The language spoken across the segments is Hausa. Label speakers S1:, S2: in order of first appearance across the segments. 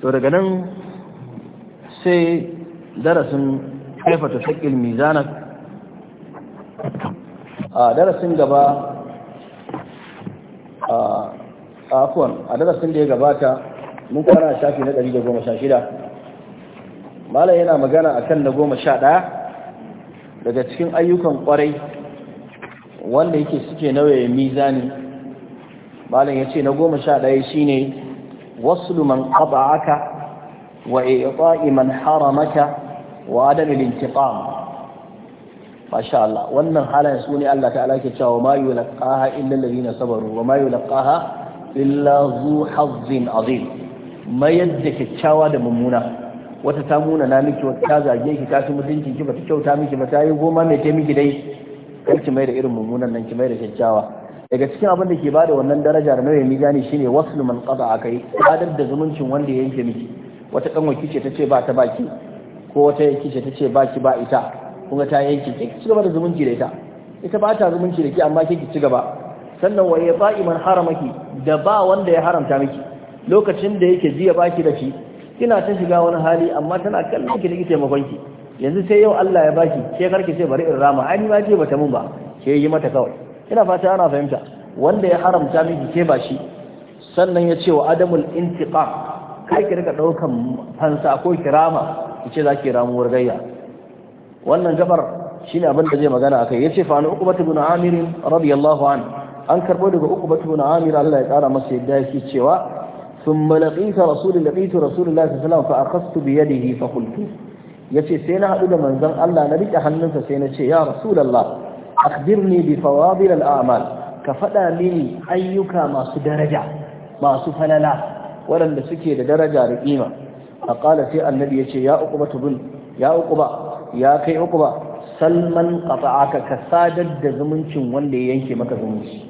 S1: to daga nan sai darasin kaifa ta shakil mizanak a darasin gaba a afuwan a darasin da ya gabata mun kwana shafi na 116 malam yana magana akan na 11 daga cikin ayyukan kwarai wanda yake suke nauye mizani malam ya ce na 11 shine وصل من قطعك وإعطاء من حرمك wannan halayen su ne Allah ta'ala ke cewa ma yulqaha illa alladhina sabaru wa ma illa zu hazzin mayar da kyakkyawa da mummuna wata ta muna na miki wata ta zage ki ta ci mutunci ki bata kyauta miki ba ta yi goma mai ta miki dai kar ki mai da irin mummunan nan ki mai da kyakkyawa daga cikin abin da ke ba da wannan daraja da nauyin mizani shine waslu man a kai adar da zumuncin wanda ya yanke miki wata kanwa kice ta ce ba ta baki ko wata kice ta ce baki ba ita kuma ta yanke ki ci gaba da zumunci da ita ita ba ta zumunci da ki amma ki ci gaba sannan wa yata'i man haramaki da ba wanda ya haramta miki lokacin da yake jiya baki da shi kina ta shiga wani hali amma tana kallon ki da ki taimakon ki yanzu sai yau Allah ya baki ke karki sai bari in rama ai ni ma ce bata mun ba ke yi mata kawai ina fata ana fahimta wanda ya haramta miki ke ba shi sannan ya ce wa adamul intiqa kai ki rika daukan fansa ko kirama ki ce zaki ramuwar gayya wannan gabar shine abin da zai magana akai yace fa an uqbat ibn amir radiyallahu an an karbo daga uqbat ibn amir Allah ya kara masa yadda yake cewa thumma laqita rasul laqitu rasulullah sallallahu alaihi wasallam fa akhadtu bi yadihi fa qultu yace sai na hadu da manzon Allah na rike hannunsa sai na ce ya rasulullah akhbirni bi fawadil al'amal ka fada mini ayyuka masu daraja masu falala waɗanda suke da daraja da kima a qala sai annabi yace ya uquba tubun ya uquba ya kai uquba salman qata'aka ka sadar da zumuncin wanda ya yanke maka zumunci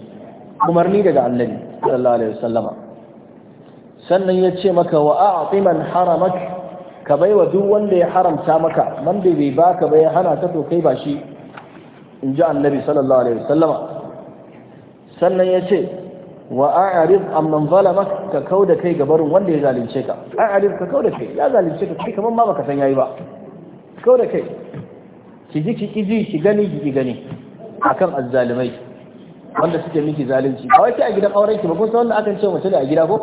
S1: umarni daga annabi sallallahu alaihi wasallama sannan ya ce maka wa a'ti man haramak ka baiwa duk wanda ya haramta maka man bai baka ba ya hana ka to kai ba shi in ji annabi sallallahu alaihi wasallama sannan ya ce wa a'rif amman zalama ka kauda kai ga barin wanda ya zalunce ka a'rif ka kauda kai ya zalunce ka kai kaman ma baka san yayi ba kauda kai ki ji ki ji ki gani ki gani akan azzalimai wanda suke miki zalunci ba wai a gidan auren ki ba kun san wanda akan ce mace da a gida ko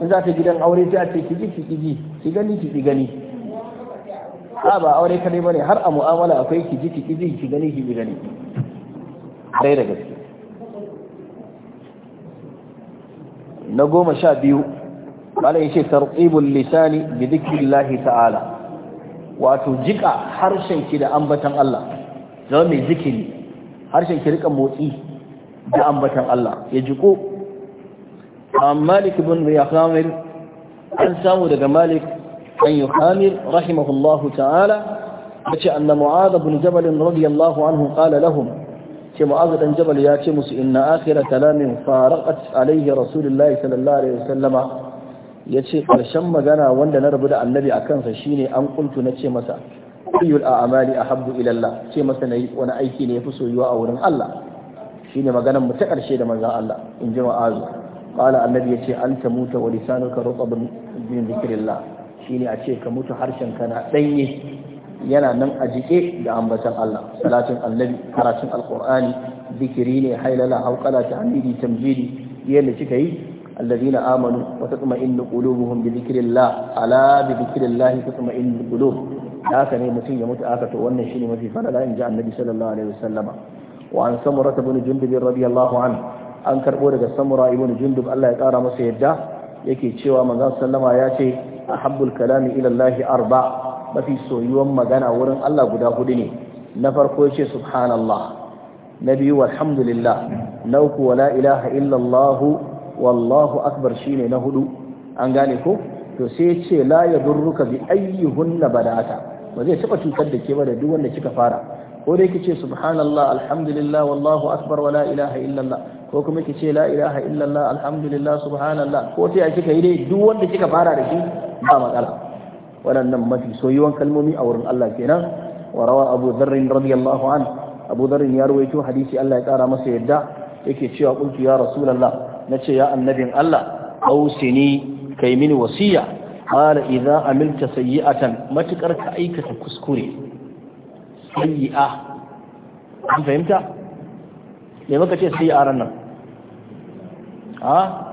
S1: in za ta gidan aure sai a ce ki ji ki ji ki gani ki gani a ba aure kadai ne har a mu'amala akwai ki ji ki ji ki gani ki gani dai da gaske na goma sha biyu malam yace tartibul lisani bi dhikrillahi ta'ala wato jika harshen ki da ambatan Allah zama mai zikiri harshen ki rika motsi da ambatan Allah ya jiko amma Malik ibn Riyahlamir an samu daga Malik an yuhamir rahimahullahu ta'ala yace anna mu'adh ibn jabal radiyallahu anhu qala lahum ce mu'adh dan jabal ya ce musu inna akhira kalamin faraqat alayhi rasulullahi sallallahu yace karshen magana wanda na rabu da annabi akan sa shine an kuntu nace masa ayyul a'mali a ila Allah ce masa nayi wani aiki ne yafi soyuwa a wurin Allah shine maganar mu ta karshe da maza Allah in ji mu'adh qala annabi yace anta muta wa lisanuka rutabun min dhikrillah shine a ce ka mutu harshen kana na danye yana nan a jike da ambatan Allah salatin annabi karatun alqur'ani zikiri ne hailala hauqala tahmidi tamjidi yanda kika yi alladhina amanu wa tatma'innu qulubuhum bi dhikrillah ala bi dhikrillah tatma'innu qulub haka ne mutum ya mutu aka to wannan shine mafi fadala in ji annabi sallallahu alaihi wasallama wa an samura ibn jundub radiyallahu anhu an karbo daga samura ibn jundub Allah ya kara masa yadda yake cewa manzon sallama ya ce ahabbul kalami ila Allah arba mafi soyuwan magana wurin Allah guda hudu ne na farko yace subhanallah na biyu walhamdulillah na uku wala ilaha illallah wallahu akbar shine na hudu an gane ko to sai ce la yadurruka bi ayyihunna bada'ata ba zai taba cutar da ke ba da duk wanda kika fara ko dai kice subhanallah alhamdulillah wallahu akbar wala ilaha illallah ko kuma kice la ilaha illallah alhamdulillah subhanallah ko sai kika yi dai duk wanda kika fara da shi ba matsala waɗannan mafi soyuwan kalmomi a wurin Allah kenan wa rawa Abu Dharr radiyallahu an Abu Dharr ya rawaito hadisi Allah ya kara masa yadda yake cewa qultu ya rasulullah nace ya annabin Allah ausini kai mini wasiya qala idza amilta sayyi'atan matukar ka aikata kuskure sayyi'a an fahimta me muka ce sayyi'a ran nan a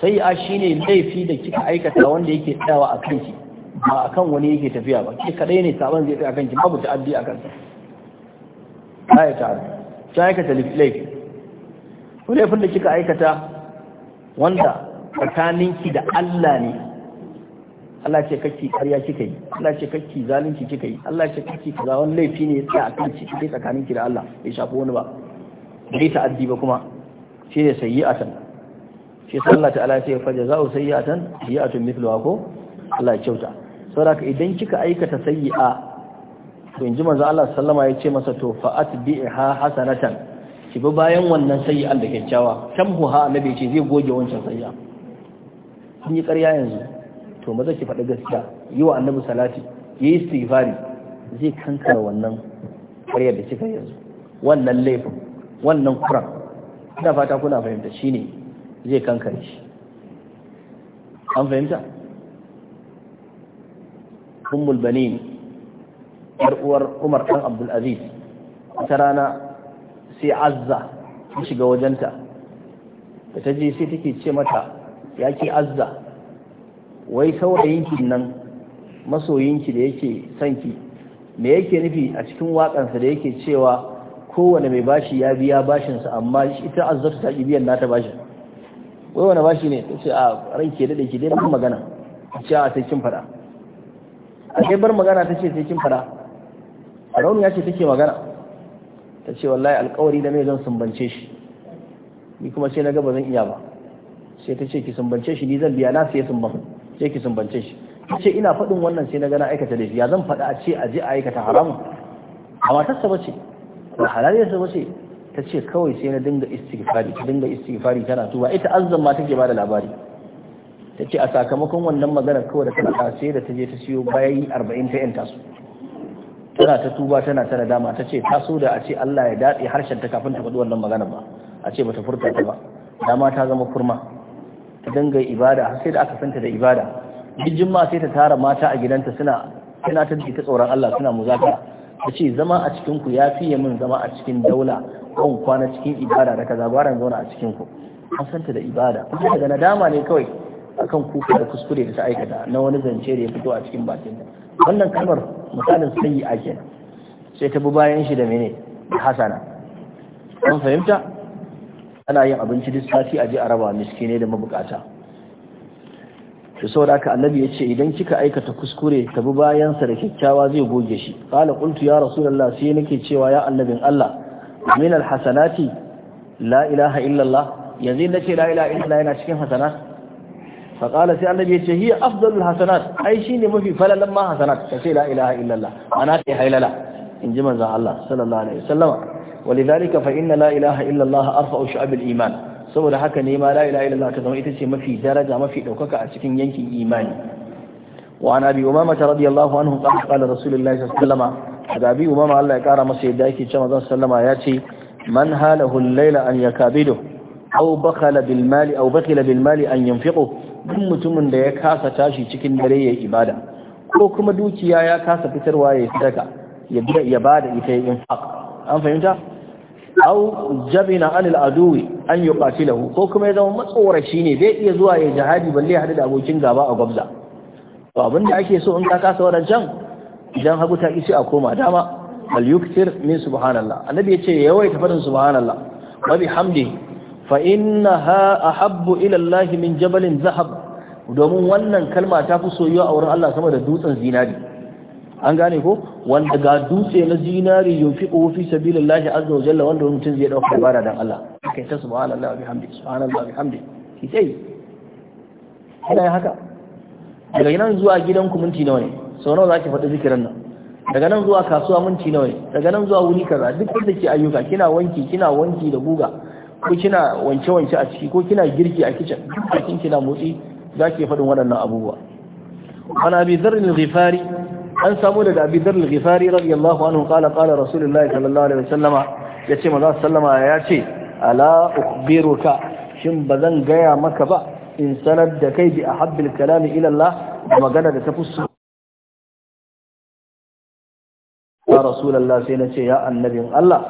S1: sai a ne laifi da kika aikata wanda yake tsawa a kanki ba a kan wani yake tafiya ba ke kadai ne saban zai tsaye a kanki babu ta'addi a kansa ta yi ta aikata laifi ko laifin da kika aikata wanda tsakaninki da Allah ne Allah ce kakki karya kika yi Allah ce kakki zalunci kika yi Allah ce kakki kaza wani laifi ne ya a kan ci kai tsakaninki da Allah bai shafi wani ba bai ta'addi ba kuma shine sayyi'atan shi sallah ta sayi a fa jaza'u a sayyi'atun mithluha ko Allah ya kyauta saboda idan kika aikata a. tun ji manzo Allah sallama ya ce masa to fa ha hasanatan ki bi bayan wannan an da kyakkyawa ha annabi ce zai goge wancan sayyi'a kun yi ƙarya yanzu to maza ki faɗi gaskiya yi wa annabi salati yi istighfari zai kankara wannan ƙaryar da kika yanzu wannan laifin wannan kuran ina fata kuna fahimta ne. zai kankare shi an fahimta ummul banin yar uwar umar dan abdul aziz ta rana sai azza ta shiga wajenta da ta je sai take ce mata ya ke azza wai saurayinki nan masoyinki da yake sanki me yake nufi a cikin waƙansa da yake cewa kowane mai bashi ya biya bashinsa amma ita aza ta biyan nata bashin wai wani bashi ne ce a rai ke daɗe ki dai bar magana ce a sai kin fada a kai bar magana ta ce sai kin fada ya ce take magana ta ce wallahi alkawari da mai zan sumbance shi ni kuma sai na ga ba zan iya ba sai ta ce ki sumbance shi ni zan biya na sai sumban sai ki sumbance shi ta ce ina faɗin wannan sai na ga na aikata laifi ya zan faɗa a ce a je a aikata haramun a matarsa ba ce ba ya ba ce ta ce kawai sai na dinga istighfari ta dinga istighfari tana tuba ita azzan ma take bada labari ta ce a sakamakon wannan magana kawai da ta ka sai da ta je ta siyo bayi arba'in ta yanta su tana ta tuba tana tana dama ta ce taso da a ce Allah ya daɗe harshen ta kafin ta faɗi wannan magana ba a ce bata furta ta ba dama ta zama kurma ta dinga ibada sai da aka santa da ibada duk ma sai ta tara mata a gidanta suna suna ta tsoron Allah suna muzaka ta ce zama a cikin ku ya fiye min zama a cikin daula kan kwana cikin ibada da kaza gwara zauna a cikin ku an santa da ibada kuma daga nadama ne kawai akan kuka da kuskure da ta aikata na wani zance da ya fito a cikin bakin wannan kalmar misalin sayi a sai ta bi bayan shi da mene da hasana an fahimta ana yin abinci duk sati a je a raba miskine da mabukata to saboda haka annabi ya ce idan kika aikata kuskure ta bi bayansa da kyakkyawa zai goge shi qala qultu ya rasulullah sai nake cewa ya annabin Allah min alhasanati la ilaha illallah yanzu na ce la ilaha illallah yana cikin hasanat fa qala sai annabi ya ce hiya afdalul hasanat ai shine mafi falalan ma hasanat ka ce la ilaha illallah ana ce hailala in ji manzon Allah sallallahu alaihi wasallama walidhalika fa inna la ilaha illallah arfa'u shu'abil iman saboda haka ne ma la ilaha illallah ta zama ita ce mafi daraja mafi daukaka a cikin yankin imani وعن أبي أمامة رضي الله عنه قال قال رسول الله صلى الله عليه وسلم Abi'u abi umama Allah ya kara masa yadda yake cewa Zan sallama ya ce man halahu al-laila an yakabidu aw bakhala bil mali aw bakhila bil mali an yunfiqu duk mutumin da ya kasa tashi cikin dare ya ibada ko kuma dukiya ya kasa fitarwa ya sadaka ya ya bada ita ya infaq an fahimta aw jabina an al-aduwi an yuqatilahu ko kuma ya zama matsoraci ne bai iya zuwa ya jihadi balle ya hadu da abokin gaba a gwabza to abinda ake so in ka kasa wadancan idan hagu ta isi a koma dama bal yuktir min subhanallah annabi yace yawaita fadin subhanallah wa hamdi. fa innaha ahabbu ila Allah min jabalin zahab domin wannan kalma ta fi soyuwa a wurin Allah sama da dutsen zinari an gane ko wanda ga dutse na zinari yunfiqu fi sabilillahi azza wa jalla wanda mutum zai dauka ibada dan Allah kai ta subhanallah wa bihamdi subhanallah wa bihamdi ki sai kana haka daga nan zuwa gidan ku minti nawa ne sau nawa za ki faɗi zikirin nan daga nan zuwa kasuwa minti nawa daga nan zuwa wuni kaza duk da ke ayyuka kina wanki kina wanki da guga ko kina wanke wanke a ciki ko kina girki a kicin duk bakin kina motsi za ki faɗin waɗannan abubuwa an abi zarrin ghifari an samu daga abi zarrin ghifari radiyallahu anhu qala qala rasulullahi sallallahu alaihi wasallama yace maza sallama ya ce ala ukhbiruka shin bazan gaya maka ba in sanar da kai bi ahabbil kalami ila Allah magana da ta fi ya rasulullah sai na ce ya annabin Allah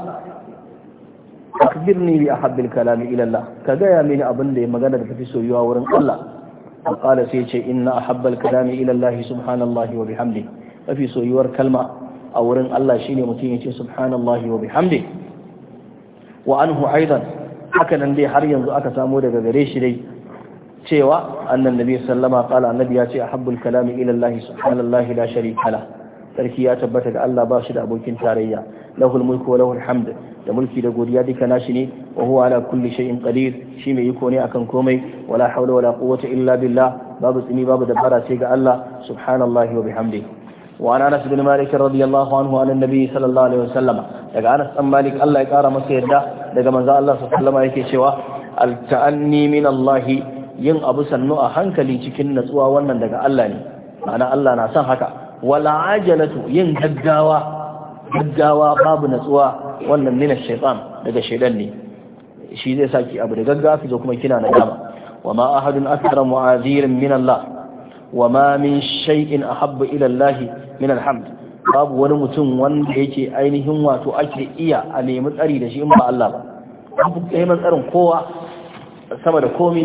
S1: akbirni bi ahabbil kalami ila Allah ka gaya mini abin da ya magana da tafi soyuwa wurin Allah qala sai ce inna ahabbal kalami ila Allah subhanallahi wa bihamdi mafi soyuwar kalma a wurin Allah shine mutum ya ce subhanallahi wa bihamdi wa anhu aidan haka nan dai har yanzu aka samu daga gare shi dai cewa annan nabi sallama qala annabi ya ce ahabbul kalami ila Allah subhanallahi la sharika lahu sarki ya tabbata ga Allah ba shi da abokin tarayya lahul mulku wa lahul hamd da mulki da godiya duka nashi ne wa huwa ala kulli shay'in qadir shi mai iko ne akan komai wala hawla wala quwwata illa billah babu tsini babu dabara sai ga Allah subhanallahi wa bihamdihi وعن ana بن مالك رضي الله عنه عن النبي صلى الله عليه daga Anas dan Malik Allah ya kara masa yadda daga manzo Allah sallallahu alaihi yake cewa al ta'anni min Allah yin abu sannu a hankali cikin natsuwa wannan daga Allah ne ma'ana Allah na san haka wala ajalatu yin gaggawa gaggawa babu natsuwa wannan min shaiɗan shaytan daga shaydan ne shi zai saki abu da gaggafi ki zo kuma kina nadama wama ahadun akthara mu'adhirin min Allah wama min shay'in ahabbu ila Allah min alhamd babu wani mutum wanda yake ainihin wato ake iya a nemi tsari da shi in ba Allah ba babu kai matsarin kowa sama da komi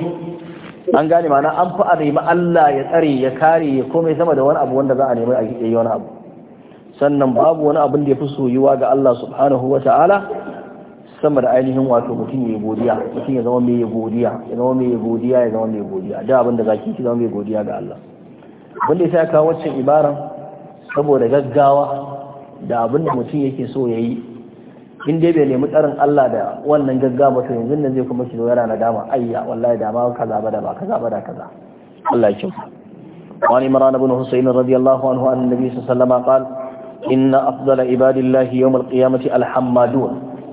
S1: an gane mana an fi a nemi Allah ya tsare ya kare ya komai sama da wani abu wanda za a nemi a yi wani abu sannan babu wani abin da ya fi soyuwa ga Allah subhanahu wa ta'ala sama da ainihin wato mutum ya godiya mutum ya zama mai godiya ya zama mai godiya ya zama mai godiya da abin da zaki ki zama mai godiya ga Allah Abin da ya kawo wancan ibaran saboda gaggawa da abin da mutum yake so ya yi in dai bai nemi tsarin Allah da wannan gaggawa to yanzu nan zai kuma shiga yana nadama ayya wallahi da ma kaza ba ba kaza ba kaza Allah ya kyauta وعن عمران بن حسين رضي الله عنه عن النبي صلى الله عليه وسلم قال إن أفضل عباد الله يوم القيامة الحمادون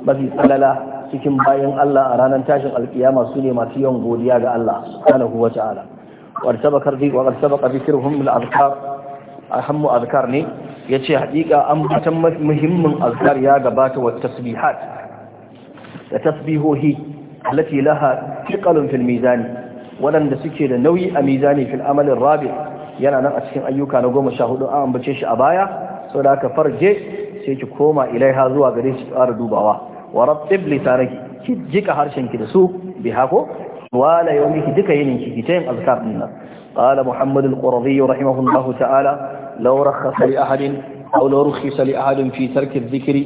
S1: mafi falala cikin bayan Allah a ranar tashin alkiyama su ne masu yawan godiya ga Allah subhanahu wa ta'ala wa sabaka wa sabaka dhikrhum bil azkar ahammu azkar ne yace hakika an batan muhimmin askar ya gabata wa tasbihat da tasbihohi allati laha thiqalun fil mizani wadanda suke da nauyi a mizani fil amalin rabi yana nan a cikin ayyuka na 14 an ambace shi a baya saboda haka farje sai ki koma ilaiha zuwa gare shi fara dubawa wa rattib lisanaki ki jika harshen ki da su bi hako wala yawmiki duka yinin ki askar tayin azkar din nan qala muhammad qurdi rahimahullahu ta'ala لو رخص لأحد أو لو رخص لأحد في ترك الذكر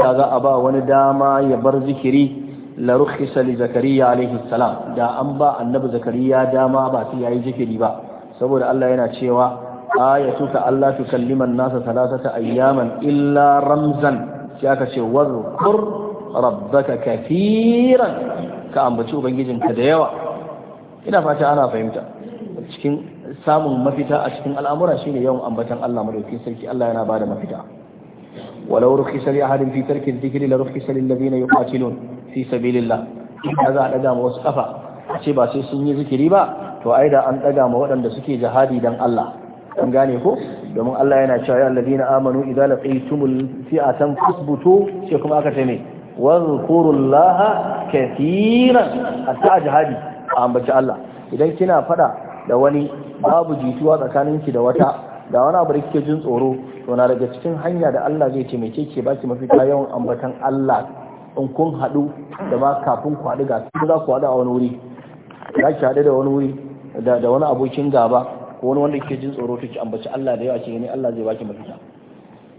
S1: إذا أبا ونداما يبر ذكري لرخص لزكريا عليه السلام دا أنبا النبي زكريا داما باتي أي ذكري با سبور الله ينا تشيوا آيتك ألا تكلم الناس ثلاثة أياما إلا رمزا شاك واذكر ربك كثيرا كأنبتشو بنجي جنك ديوا إنا فاتا أنا فهمتا cikin samun mafita a cikin al'amura shine yawan ambatan Allah madaukakin sarki Allah yana bada mafita walau rukhisa li ahadin fi tarki dhikri la rukhisa lil ladina yuqatilun fi sabilillah idan za a daga ma wasu kafa a ce ba sai sun yi zikiri ba to ai da an daga ma waɗanda suke jihadi dan Allah an gane ko domin Allah yana cewa ya alladina amanu idza laqitumul fi'atan fasbutu sai kuma aka ce ne wadhkurullaha a sa jihadi a ambaci Allah idan kina fada da wani babu jituwa tsakaninki da wata da wani abu da kike jin tsoro to na daga cikin hanya da Allah zai taimake ki baki mafita yawan ambatan Allah in kun haɗu da ma kafin ku haɗu ga su za ku haɗu a wani wuri za ki haɗu da wani wuri da wani abokin gaba ko wani wanda kike jin tsoro to ki ambaci Allah da yawa ki gani Allah zai baki mafita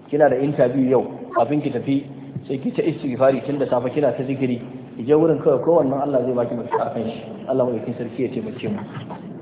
S1: kina da interview yau kafin ki tafi sai ki ta istighfari tun da safe kina ta zikiri ki je wurin kawai kowannan Allah zai baki mafita a kan shi Allah mai sarki ya taimake mu